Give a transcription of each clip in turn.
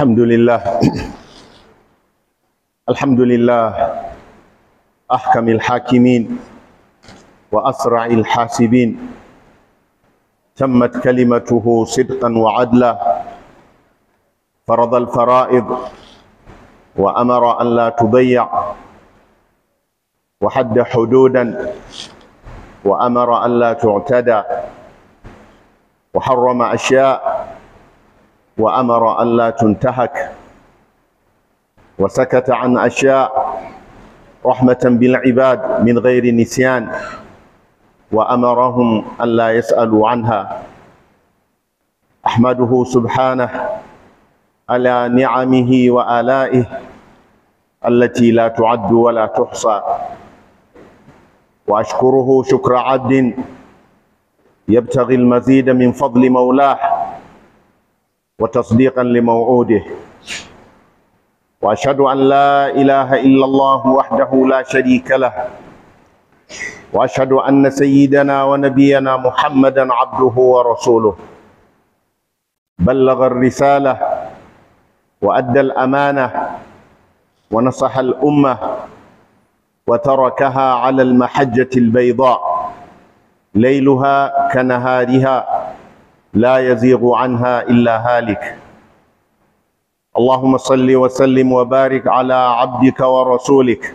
الحمد لله الحمد لله أحكم الحاكمين وأسرع الحاسبين تمت كلمته صدقا وعدلا فرض الفرائض وأمر أن لا تضيع وحد حدودا وأمر أن لا تعتدى وحرم أشياء وأمر أن لا تنتهك وسكت عن أشياء رحمة بالعباد من غير نسيان وأمرهم أن لا يسألوا عنها أحمده سبحانه على نعمه وآلائه التي لا تعد ولا تحصى وأشكره شكر عبد يبتغي المزيد من فضل مولاه وتصديقا لموعوده واشهد ان لا اله الا الله وحده لا شريك له واشهد ان سيدنا ونبينا محمدا عبده ورسوله بلغ الرساله وادى الامانه ونصح الامه وتركها على المحجه البيضاء ليلها كنهارها لا يزيغ عنها إلا هالك اللهم صل وسلم وبارك على عبدك ورسولك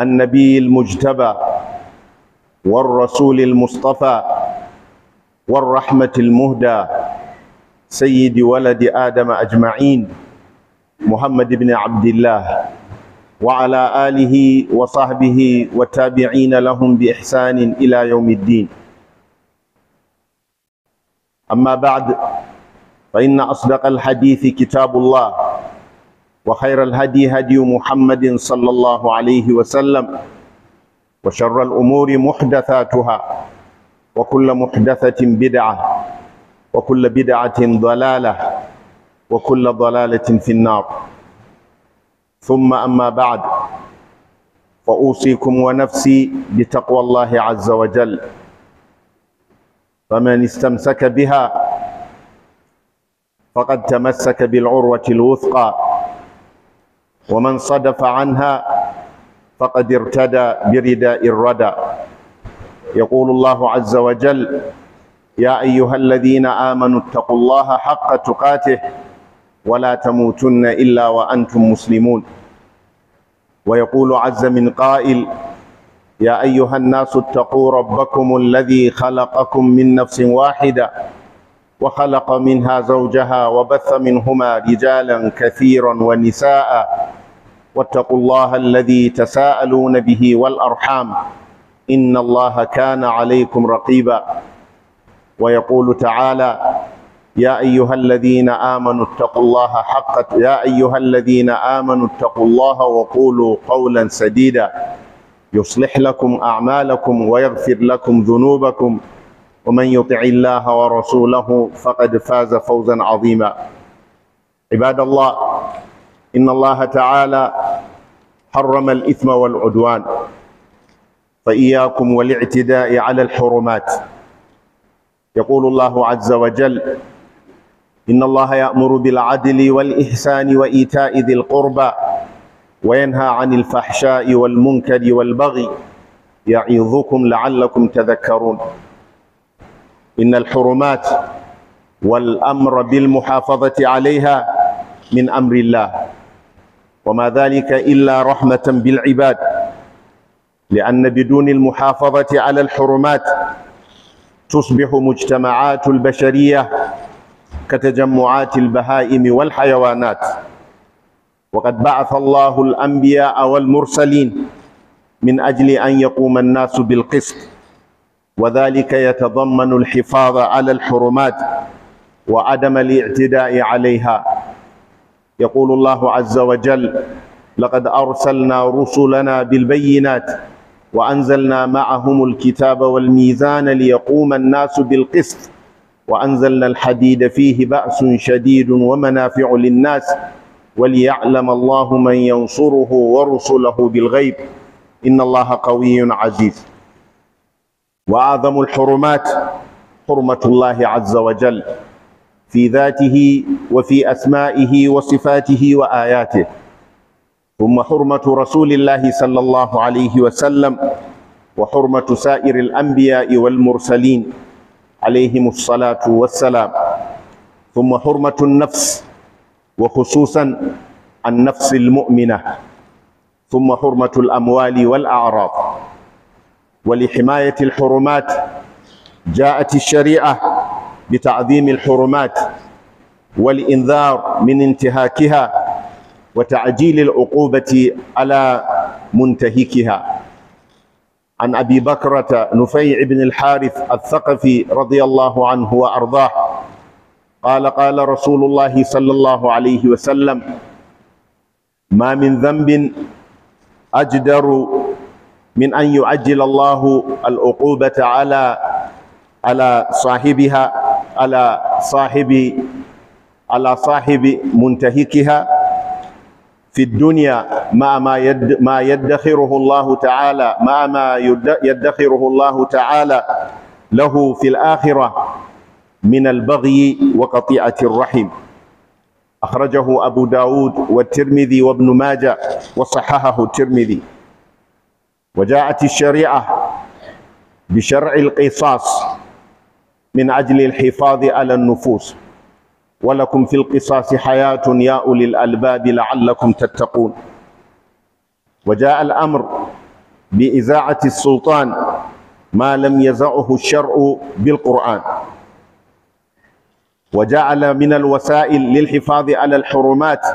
النبي المجتبى والرسول المصطفى والرحمة المهدى سيد ولد آدم أجمعين محمد بن عبد الله وعلى آله وصحبه والتابعين لهم بإحسان إلى يوم الدين أما بعد فإن أصدق الحديث كتاب الله وخير الهدي هدي محمد صلى الله عليه وسلم وشر الأمور محدثاتها وكل محدثة بدعة وكل بدعة ضلالة وكل ضلالة في النار ثم أما بعد فأوصيكم ونفسي بتقوى الله عز وجل فمن استمسك بها فقد تمسك بالعروة الوثقى ومن صدف عنها فقد ارتدى برداء الردى يقول الله عز وجل يا أيها الذين آمنوا اتقوا الله حق تقاته ولا تموتن إلا وأنتم مسلمون ويقول عز من قائل يا أيها الناس اتقوا ربكم الذي خلقكم من نفس واحدة وخلق منها زوجها وبث منهما رجالا كثيرا ونساء واتقوا الله الذي تساءلون به والأرحام إن الله كان عليكم رقيبا ويقول تعالى يا أيها الذين آمنوا اتقوا الله حق يا أيها الذين آمنوا اتقوا الله وقولوا قولا سديدا يصلح لكم أعمالكم ويغفر لكم ذنوبكم ومن يطع الله ورسوله فقد فاز فوزا عظيما عباد الله إن الله تعالى حرم الإثم والعدوان فإياكم والاعتداء على الحرمات يقول الله عز وجل إن الله يأمر بالعدل والإحسان وإيتاء ذي القربى وينهى عن الفحشاء والمنكر والبغي يعظكم لعلكم تذكرون إن الحرمات والأمر بالمحافظة عليها من أمر الله وما ذلك إلا رحمة بالعباد لأن بدون المحافظة على الحرمات تصبح مجتمعات البشرية كتجمعات البهائم والحيوانات وقد بعث الله الأنبياء والمرسلين من أجل أن يقوم الناس بالقسط وذلك يتضمن الحفاظ على الحرمات وعدم الاعتداء عليها يقول الله عز وجل لقد أرسلنا رسلنا بالبينات وأنزلنا معهم الكتاب والميزان ليقوم الناس بالقسط وأنزلنا الحديد فيه بأس شديد ومنافع للناس وليعلم الله من ينصره ورسله بالغيب إن الله قوي عزيز وأعظم الحرمات حرمة الله عز وجل في ذاته وفي أسمائه وصفاته وآياته ثم حرمة رسول الله صلى الله عليه وسلم وحرمة سائر الأنبياء والمرسلين عليهم الصلاة والسلام ثم حرمة النفس وخصوصا النفس المؤمنة ثم حرمة الأموال والأعراض ولحماية الحرمات جاءت الشريعة بتعظيم الحرمات والإنذار من انتهاكها وتعجيل العقوبة على منتهكها عن أبي بكرة نفيع بن الحارث الثقفي رضي الله عنه وأرضاه قال قال رسول الله صلى الله عليه وسلم ما من ذنب أجدر من أن يعجل الله العقوبة على على صاحبها على صاحب على صاحب منتهكها في الدنيا مع ما يد ما يدخره الله تعالى مع ما يدخره الله تعالى له في الآخرة من البغي وقطيعة الرحم أخرجه أبو داود والترمذي وابن ماجة وصححه الترمذي وجاءت الشريعة بشرع القصاص من أجل الحفاظ على النفوس ولكم في القصاص حياة يا أولي الألباب لعلكم تتقون وجاء الأمر بإذاعة السلطان ما لم يزعه الشرع بالقرآن وجعل من الوسائل للحفاظ على الحرمات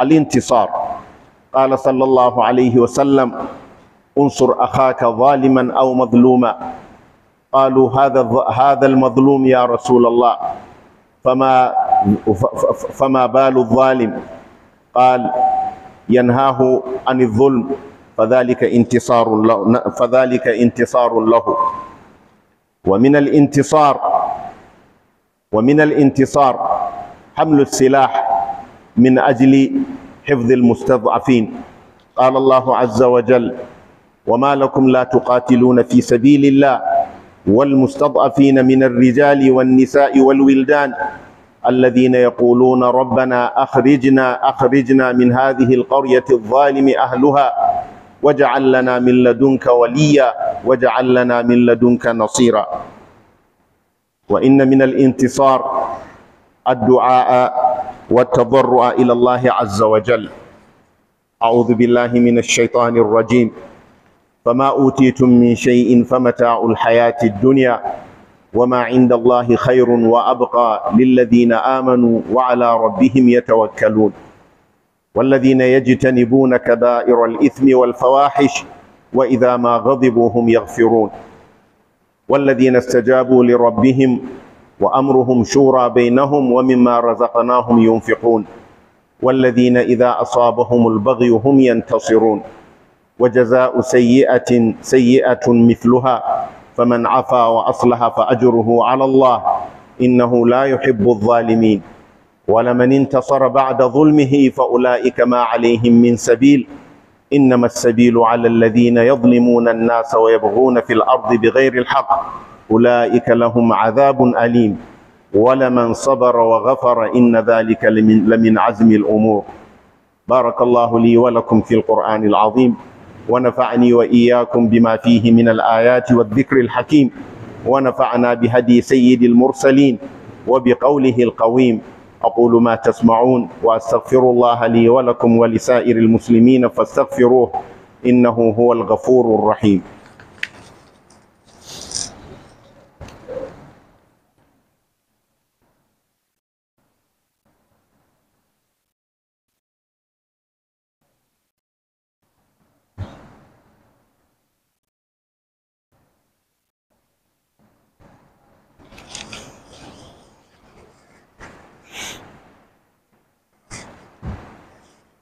الانتصار قال صلى الله عليه وسلم انصر اخاك ظالما او مظلوما قالوا هذا هذا المظلوم يا رسول الله فما فما بال الظالم قال ينهاه عن الظلم فذلك انتصار له فذلك انتصار له ومن الانتصار ومن الانتصار حمل السلاح من أجل حفظ المستضعفين قال الله عز وجل وما لكم لا تقاتلون في سبيل الله والمستضعفين من الرجال والنساء والولدان الذين يقولون ربنا أخرجنا أخرجنا من هذه القرية الظالم أهلها واجعل لنا من لدنك وليا واجعل لنا من لدنك نصيرا وإن من الانتصار الدعاء والتضرع إلى الله عز وجل أعوذ بالله من الشيطان الرجيم فما أوتيتم من شيء فمتاع الحياة الدنيا وما عند الله خير وأبقى للذين آمنوا وعلى ربهم يتوكلون والذين يجتنبون كبائر الإثم والفواحش وإذا ما غضبوا هم يغفرون والذين استجابوا لربهم وأمرهم شورى بينهم ومما رزقناهم ينفقون والذين إذا أصابهم البغي هم ينتصرون وجزاء سيئة سيئة مثلها فمن عفا وأصلح فأجره على الله إنه لا يحب الظالمين ولمن انتصر بعد ظلمه فأولئك ما عليهم من سبيل إنما السبيل على الذين يظلمون الناس ويبغون في الأرض بغير الحق أولئك لهم عذاب أليم ولمن صبر وغفر إن ذلك لمن, لمن عزم الأمور بارك الله لي ولكم في القرآن العظيم ونفعني وإياكم بما فيه من الآيات والذكر الحكيم ونفعنا بهدي سيد المرسلين وبقوله القويم أقول ما تسمعون وأستغفر الله لي ولكم ولسائر المسلمين فاستغفروه إنه هو الغفور الرحيم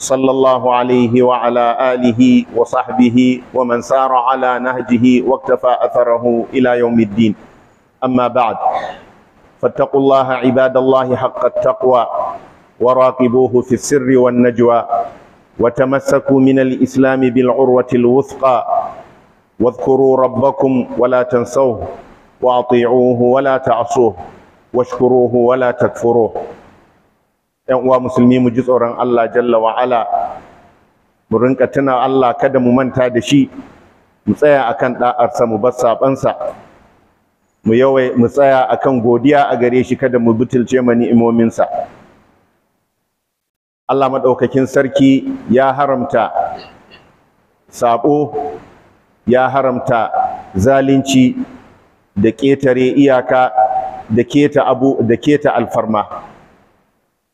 صلى الله عليه وعلى آله وصحبه ومن سار على نهجه واكتفى أثره إلى يوم الدين أما بعد فاتقوا الله عباد الله حق التقوى وراقبوه في السر والنجوى وتمسكوا من الإسلام بالعروة الوثقى واذكروا ربكم ولا تنسوه وأطيعوه ولا تعصوه واشكروه ولا تكفروه yan uwa musulmi mu ji tsoron Allah jalla wa ala mu rinka tuna Allah kada mu manta da shi mu tsaya akan sa mu bar sabansa mu yawai mu tsaya akan godiya a gare shi kada mu butulce ma ni'imominsa Allah madaukakin sarki ya haramta sabo ya haramta zalunci da ƙetare iyaka da keta abu da keta alfarma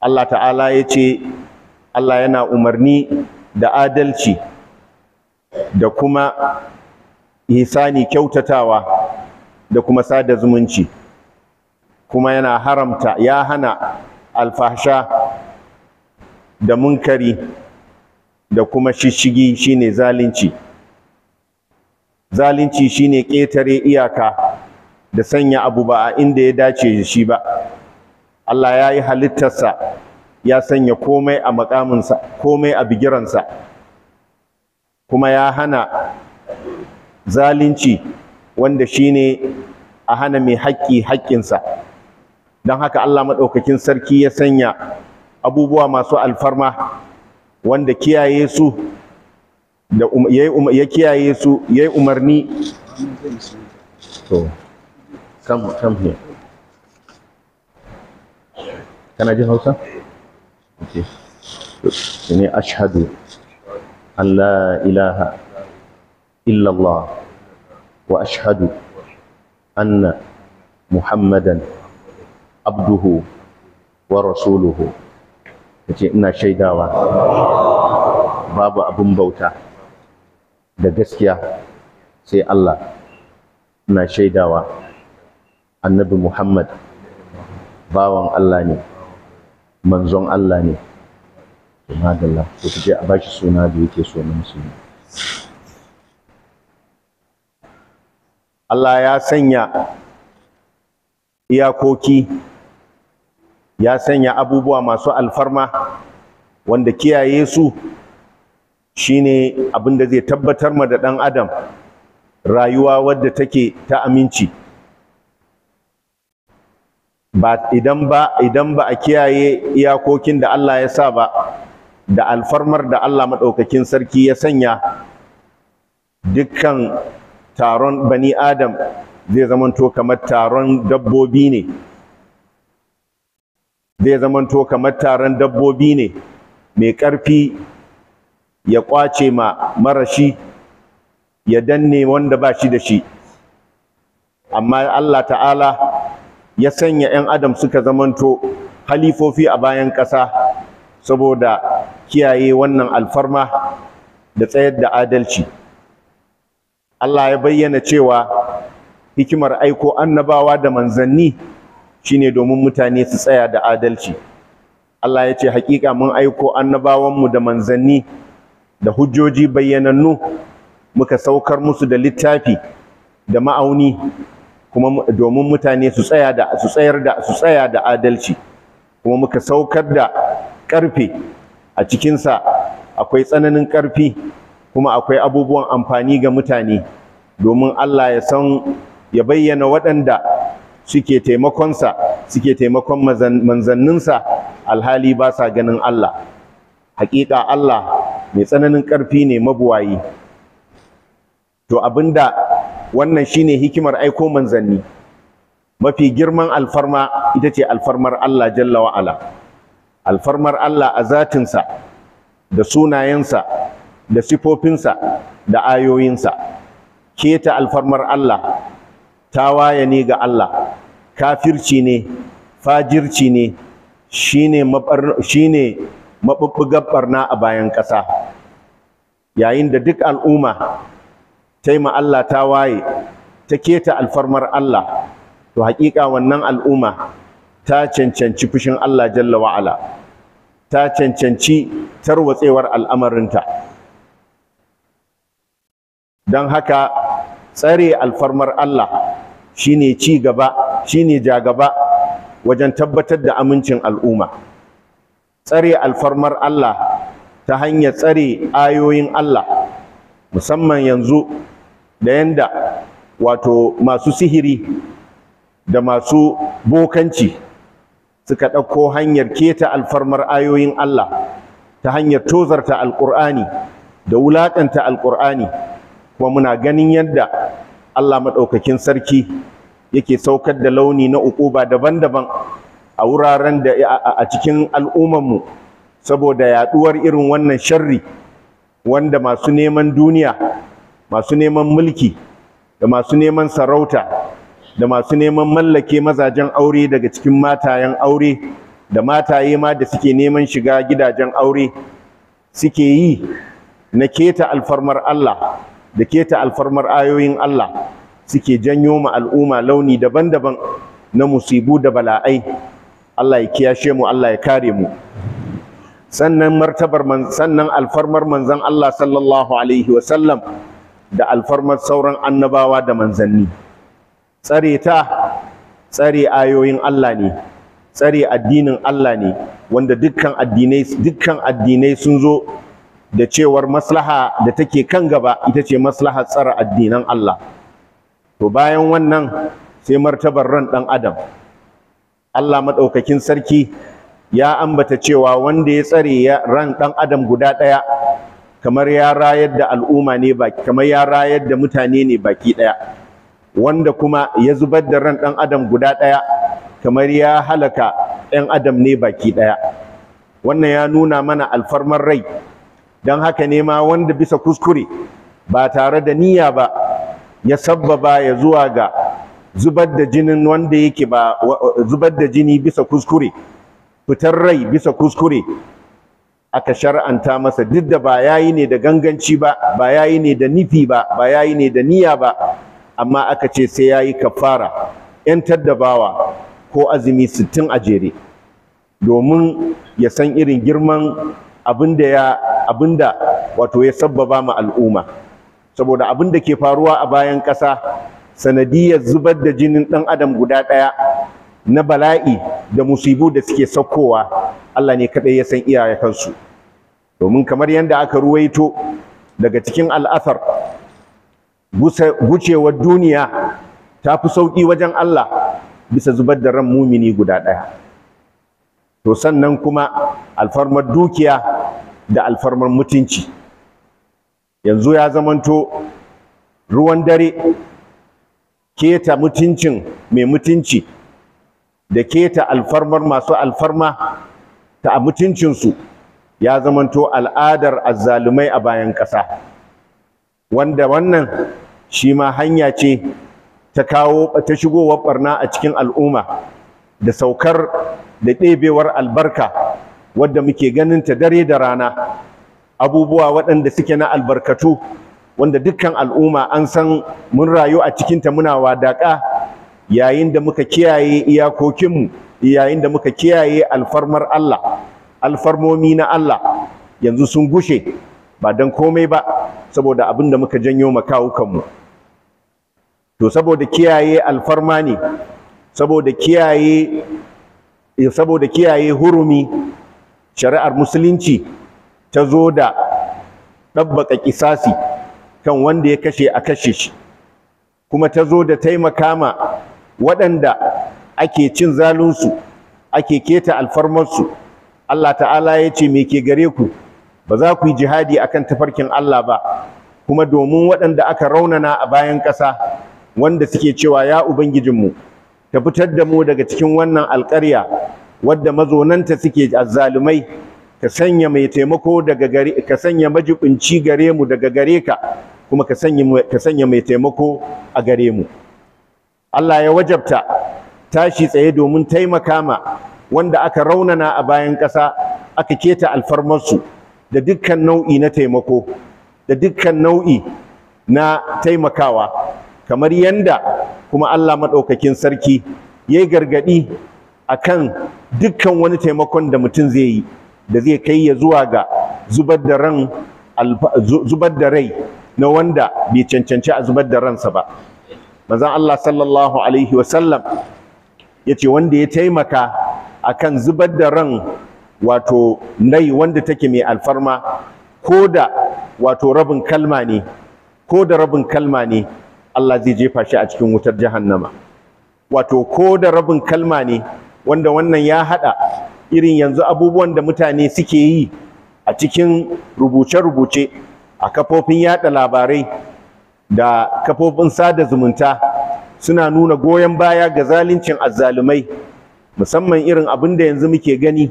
Allah ta'ala ya ce Allah yana umarni da adalci da kuma ihsani kyautatawa da kuma sada zumunci kuma yana haramta ya hana alfahsha da munkari da kuma shishigi shine zalunci zalunci shine ƙetare iyaka da sanya abu ba a inda ya dace shi ba Allah ya yi halittarsa ya sanya komai a makaminsa komai a bigiransa kuma ya hana zalunci wanda shine a hana mai haƙƙi haƙƙinsa don haka Allah maɗaukakin sarki ya sanya abubuwa masu alfarma wanda kiyaye su da um, um, ya kiyaye su ya yi umarni kana jin hausa okay shine ashhadu an la ilaha illa allah wa ashadu anna muhammadan abduhu wa rasuluhu yace ina shaidawa babu abun bauta da gaskiya sai Allah ina shaidawa annabi Muhammad bawan Allah ne manzon Allah ne to madalla ko kace a bashi suna da yake so nan su Allah ya sanya iyakoki ya sanya abubuwa masu alfarma wanda kiyaye su shine abin da zai tabbatar ma da ɗan adam rayuwa wadda take ta aminci idan ba idan ba a kiyaye iyakokin da Allah ya sa ba da alfarmar da Allah maɗaukakin sarki ya sanya dukkan taron bani adam zai zamanto kamar taron dabbobi ne zai zamanto kamar taron dabbobi ne mai ƙarfi ya ƙwace ma marashi ya danne wanda ba shi da shi amma Allah ta'ala ya sanya 'yan adam suka zamanto halifofi a bayan ƙasa saboda kiyaye wannan alfarma da tsayar da adalci Allah ya bayyana cewa hikimar aiko annabawa da manzanni shine domin mutane su tsaya da adalci Allah ya ce hakika mun aiko annabawanmu da manzanni da hujjoji bayyanannu muka saukar musu da littafi da ma'auni kuma domin mutane su tsaya da su tsayar da su tsaya da adalci kuma muka saukar da ƙarfe a cikinsa akwai tsananin ƙarfi kuma akwai abubuwan amfani ga mutane domin Allah ya san ya bayyana waɗanda suke taimakonsa suke taimakon manzanninsa alhali ba sa ganin Allah hakika Allah mai tsananin ƙarfi ne mabuwayi to abinda wannan shine hikimar aiko manzanni mafi girman alfarma ita ce alfarmar Allah jalla wa ala alfarmar Allah a zatinsa da sunayensa da sifofinsa da ayoyinsa keta alfarmar Allah Ta waya ne ga Allah kafirci ne fajirci ne shine shine mabubbugar barna a bayan ƙasa yayin da duk al'umma Taima ma Allah ta waye ta keta alfarmar Allah to haƙiƙa wannan al'umma ta cancanci fushin Allah jalla wa'ala ta cancanci tarwatsewar al'amarinta don haka tsare alfarmar Allah shine ci gaba shine jagaba wajen tabbatar da amincin al'umma tsare alfarmar Allah ta hanyar tsare ayoyin Allah musamman yanzu da yanda wato masu sihiri da masu bokanci suka ɗauko hanyar keta alfarmar ayoyin Allah ta hanyar tozarta alƙur'ani da wulaƙanta alƙur'ani kuma muna ganin yadda Allah maɗaukakin sarki yake saukar da launi na uquba daban-daban a wuraren da a cikin al'ummarmu saboda yaɗuwar irin wannan sharri wanda masu neman duniya masu neman mulki da masu neman sarauta da masu neman mallake mazajen aure daga cikin matayen aure da mataye ma da suke neman shiga gidajen aure suke yi na keta alfarmar Allah da keta alfarmar ayoyin Allah suke janyo ma al'umma launi daban-daban na musibu da bala'ai Allah ya kiyashe mu Allah ya kare mu sannan martabar sannan alfarmar manzon Allah sallallahu alaihi wa sallam da alfarmar sauran annabawa da manzanni tsare ta tsare ayoyin Allah ne tsare addinin Allah ne wanda dukkan addinai dukkan addinai sun zo da cewar maslaha da take kan gaba ita ce maslaha tsara addinan Allah to bayan wannan sai martabar ran ɗan adam Allah maɗaukakin sarki ya ambata cewa wanda ya tsare ran ɗan adam guda ɗaya. kamar ya rayar da al'umma ne ba kamar ya rayar da mutane ne baki daya wanda kuma ya zubar da ran dan adam guda daya kamar ya halaka ɗan adam ne baki daya wannan ya nuna mana alfarmar rai dan haka ne ma wanda bisa kuskure ba tare da niyya ba ya sabbaba ya zuwa ga zubar da jinin wanda yake ba zubar da jini bisa kuskure fitar rai bisa kuskure aka shar'anta masa duk da ba yayi ne da ganganci ba ba yayi ne da nufi ba ba yayi ne da niyya ba amma aka ce sai yayi kafara yantar da bawa ko azumi sittin a jere domin ya san irin girman abin ya abinda wato ya sabbaba ma al'umma saboda abinda ke faruwa a bayan ƙasa sanadiyar zubar da jinin ɗan adam guda ɗaya na bala'i da musibu da suke saukowa Allah ne kadai ya san iyayensu domin kamar yadda aka ruwaito daga cikin al'asar gucewar duniya ta fi sauƙi wajen Allah bisa zubar da ran mumini guda ɗaya to sannan kuma alfarmar dukiya da alfarmar mutunci yanzu ya zamanto ruwan dare keta mutuncin mai mutunci da keta alfarmar masu alfarma ta mutuncinsu ya zamanto al'adar azzalumai a bayan ƙasa wanda wannan shi ma hanya ce ta kawo ta shigowar barna a cikin al'umma da saukar da ɗebewar albarka wadda muke ganin ta dare da rana abubuwa waɗanda suke na albarkatu wanda dukkan al'umma an san mun rayu a cikinta muna wadaƙa yayin da muka kiyaye iyakokinmu yayin da muka kiyaye alfarmar Allah alfarmomi na Allah yanzu sun gushe ba don komai ba saboda abin da muka janyo makawukanmu to saboda kiyaye alfarma ne saboda kiyaye saboda kiyaye hurumi shari'ar musulunci ta zo da ɗabbaƙa ƙisasi kan wanda ya kashe a kashe shi kuma ta zo da taimaka ma waɗanda ake cin zalunsu ake keta alfarmarsu Allah ta'ala ya ce me ke gare ku ba za ku yi jihadi akan tafarkin Allah ba kuma domin waɗanda aka raunana a bayan ƙasa wanda suke cewa ya ubangijinmu ta fitar da mu daga cikin wannan alƙarya wadda mazonanta suke azzalumai ka sanya mai taimako daga gare ka sanya majibinci gare mu daga gare ka kuma ka sanya mai taimako a gare mu Allah ya wajabta tashi tsaye domin taimaka ma wanda aka raunana a bayan ƙasa aka keta alfarmarsu da dukkan nau'i na taimako da dukkan nau'i na taimakawa kamar yanda kuma Allah maɗaukakin sarki ya yi gargaɗi a kan dukkan wani taimakon da mutum zai yi da zai kai ya zuwa ga zubar da zubar da rai na wanda bai cancanci a zubar da ransa ba manzon Allah sallallahu alaihi wasallam yace wanda ya taimaka a kan zubar da ran wato nai wanda take mai alfarma ko da wato rabin kalma ne ko da rabin kalma ne Allah zai jefa shi a cikin wutar jahannama wato ko da rabin kalma ne wanda wannan ya hada irin yanzu abubuwan da mutane suke yi a cikin rubuce-rubuce a kafofin yada labarai da kafofin sada zumunta suna nuna goyon baya ga zaluncin azzalumai musamman irin abin da yanzu muke gani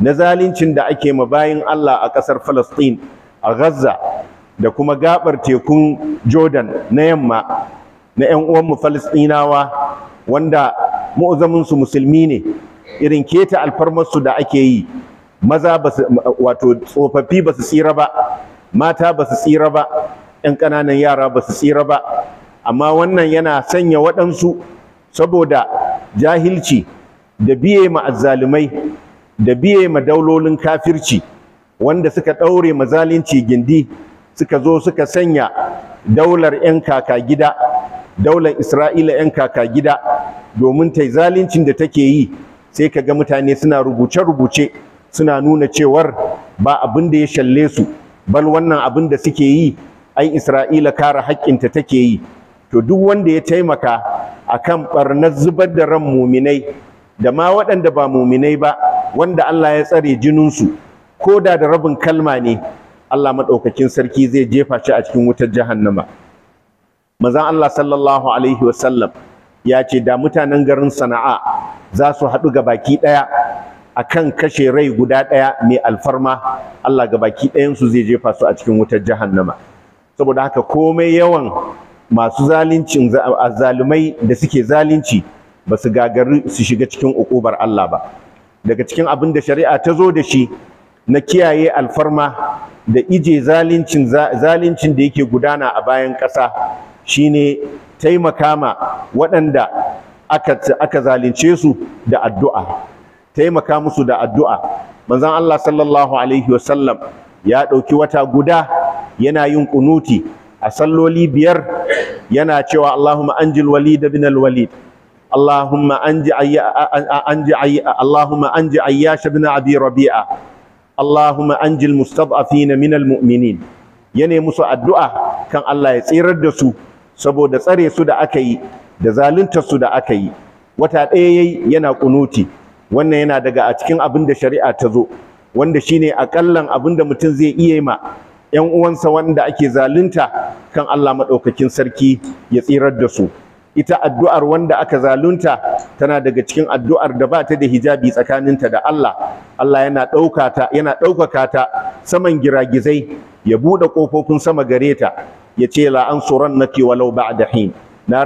na zaluncin da ake ma bayin Allah a ƙasar Falastin a Gaza da kuma gabar tekun Jordan na yamma na ƴan uwanmu Falastinawa wanda mu'azamin musulmi ne irin keta alfarmarsu da ake yi maza wato tsofaffi ba su tsira ba mata ba su tsira ba 'yan ƙananan yara ba su tsira ba amma wannan yana sanya waɗansu saboda jahilci da biye ma azzalumai da biye ma daulolin kafirci wanda suka ɗaure mazalinci gindi suka zo suka sanya daular 'yan kaka gida daular isra'ila 'yan kaka gida domin ta zalincin da take yi sai ka ga mutane suna rubuce-rubuce suna nuna cewar ba abin da ya shalle su bal wannan abin da suke yi ai Isra'ila kare haƙƙinta take yi to duk wanda ya taimaka akan barnar zubar da ran muminai da ma waɗanda ba muminai ba wanda Allah ya tsare jininsu ko da da rabin kalma ne Allah maɗaukakin sarki zai jefa shi a cikin wutar jahannama manzon Allah sallallahu alaihi wasallam ya ce da mutanen garin Sana'a za su haɗu ga baki ɗaya akan kashe rai guda ɗaya mai alfarma Allah ga baki ɗayansu zai jefa su a cikin wutar jahannama saboda haka komai yawan masu zalincin azzalumai da suke zalunci ba su gagari su shiga cikin ukubar Allah ba daga cikin abin da shari'a ta zo da shi na kiyaye alfarma da ije zalincin zalincin da yake gudana a bayan ƙasa shine taimaka waɗanda aka aka zalunce su da addu'a taimaka musu da addu'a manzon Allah sallallahu alaihi wasallam ya ɗauki wata guda yana yin kunuti a salloli biyar yana cewa Allahumma anjil walid bin al-walid Allahumma anji anji Allahumma anji ayyash bin abi rabi'a Allahumma anjil mustad'afina min al-mu'minin yana musu addu'a kan Allah ya tsirar da su saboda tsare su da aka yi da zalunta su da aka yi wata ɗaya yayi yana kunuti wannan yana daga a cikin abin da shari'a ta zo wanda shine akallan abin da mutum zai iya ma yan uwansa wanda ake zalunta kan Allah madaukakin sarki ya tsirar da su ita addu'ar wanda aka zalunta tana daga cikin addu'ar da ba ta da hijabi tsakaninta da Allah Allah yana ɗauka ta yana ɗaukaka ta saman giragizai ya buɗe kofofin sama gare ta ya ce la ansurannaki walau ba'da hin ya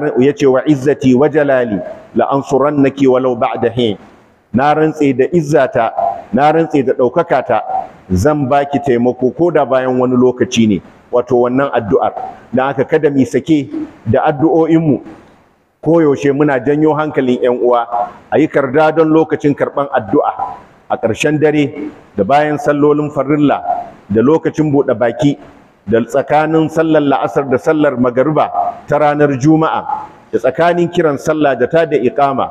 wa izzati wa jalali la ansurannaki walau ba'da hin na rantse da izzata na rantse da ɗaukaka ta zan baki taimako ko da bayan wani lokaci ne wato wannan addu'ar dan haka kada mi sake da addu'o'inmu yaushe muna janyo hankalin 'yan uwa a yi karda don lokacin karɓan addu'a a ƙarshen dare da bayan sallolin farilla da lokacin buɗe baki da tsakanin sallar la'asar da sallar magariba ta ranar juma'a da tsakanin kiran sallah da ta da iqama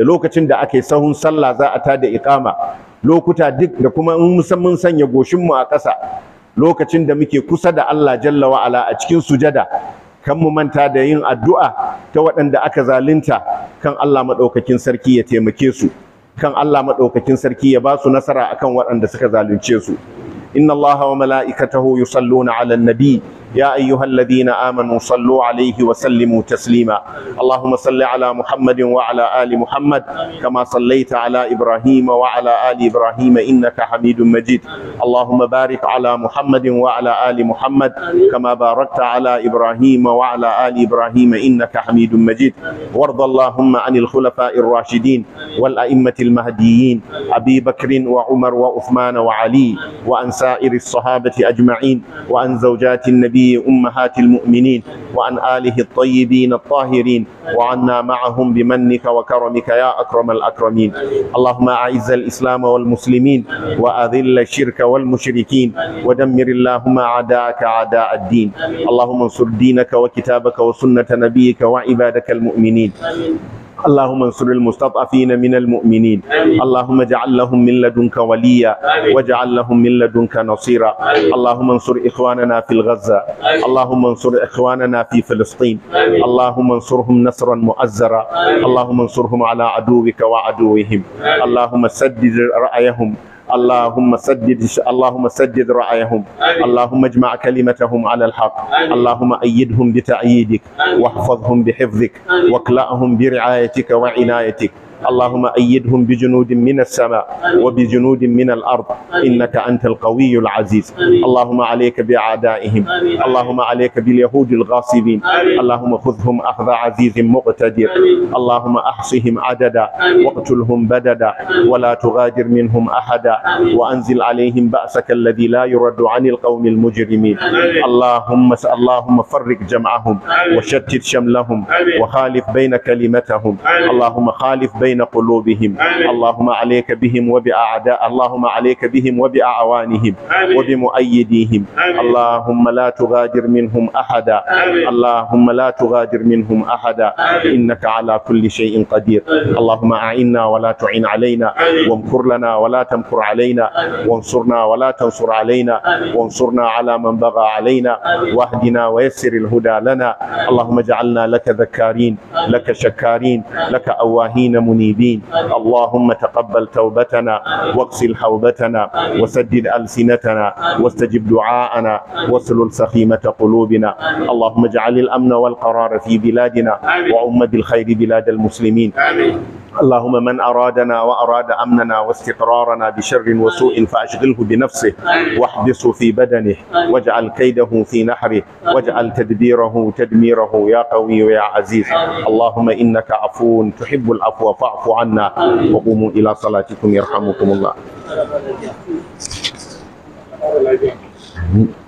da lokacin da aka yi sahun sallah za a tada iqama lokuta duk da kuma in musamman sanya goshin mu a ƙasa lokacin da muke kusa da Allah jalla wa ala a cikin sujada kan mu manta da yin addu'a ta waɗanda aka zalunta kan Allah madaukakin sarki ya taimake su kan Allah madaukakin sarki ya ba su nasara akan waɗanda suka zalunce su inna Allah wa mala'ikatahu yusalluna 'alan nabi يا أيها الذين آمنوا صلوا عليه وسلموا تسليما اللهم صل على محمد وعلى آل محمد كما صليت على إبراهيم وعلى آل إبراهيم إنك حميد مجيد اللهم بارك على محمد وعلى آل محمد كما باركت على إبراهيم وعلى آل إبراهيم إنك حميد مجيد وارض اللهم عن الخلفاء الراشدين والأئمة المهديين أبي بكر وعمر وعثمان وعلي وأن سائر الصحابة أجمعين وأن زوجات النبي نبي أمهات المؤمنين وعن آله الطيبين الطاهرين وعنا معهم بمنك وكرمك يا أكرم الأكرمين اللهم أعز الإسلام والمسلمين وأذل الشرك والمشركين ودمر اللهم أعداءك أعداء الدين اللهم انصر دينك وكتابك وسنة نبيك وعبادك المؤمنين اللهم انصر المستضعفين من المؤمنين اللهم اجعل لهم من لدنك وليا واجعل لهم من لدنك نصيرا اللهم انصر اخواننا في الغزه اللهم انصر اخواننا في فلسطين اللهم انصرهم نصرا مؤزرا اللهم انصرهم على عدوك وعدوهم اللهم سدد رايهم اللهم سدد اللهم سدد رعايهم اللهم اجمع كلمتهم على الحق اللهم أيدهم بتأييدك واحفظهم بحفظك واكلأهم برعايتك وعنايتك اللهم أيدهم بجنود من السماء وبجنود من الأرض إنك أنت القوي العزيز اللهم عليك بأعدائهم اللهم عليك باليهود الغاصبين اللهم خذهم أخذ عزيز مقتدر اللهم أحصهم عددا واقتلهم بددا ولا تغادر منهم أحدا وأنزل عليهم بأسك الذي لا يرد عن القوم المجرمين اللهم اللهم فرق جمعهم وشتت شملهم وخالف بين كلمتهم اللهم خالف بين بين قلوبهم اللهم عليك بهم وبأعداء اللهم عليك بهم وبأعوانهم وبمؤيديهم اللهم لا تغادر منهم أحدا اللهم لا تغادر منهم أحدا إنك على كل شيء قدير اللهم أعنا ولا تعين علينا وامكر لنا ولا تمكر علينا وانصرنا ولا تنصر علينا وانصرنا على من بغى علينا واهدنا ويسر الهدى لنا اللهم اجعلنا لك ذكارين لك شكارين لك أواهين منيبين المنيبين اللهم تقبل توبتنا واغسل حوبتنا وسدد ألسنتنا واستجب دعاءنا واسلل سخيمة قلوبنا اللهم اجعل الأمن والقرار في بلادنا وأمة الخير بلاد المسلمين آمين. اللهم من أرادنا وأراد أمننا واستقرارنا بشر وسوء فأشغله بنفسه واحبسه في بدنه واجعل كيده في نحره واجعل تدبيره تدميره يا قوي ويا عزيز اللهم إنك عفو تحب العفو فاعف عنا وقوموا إلى صلاتكم يرحمكم الله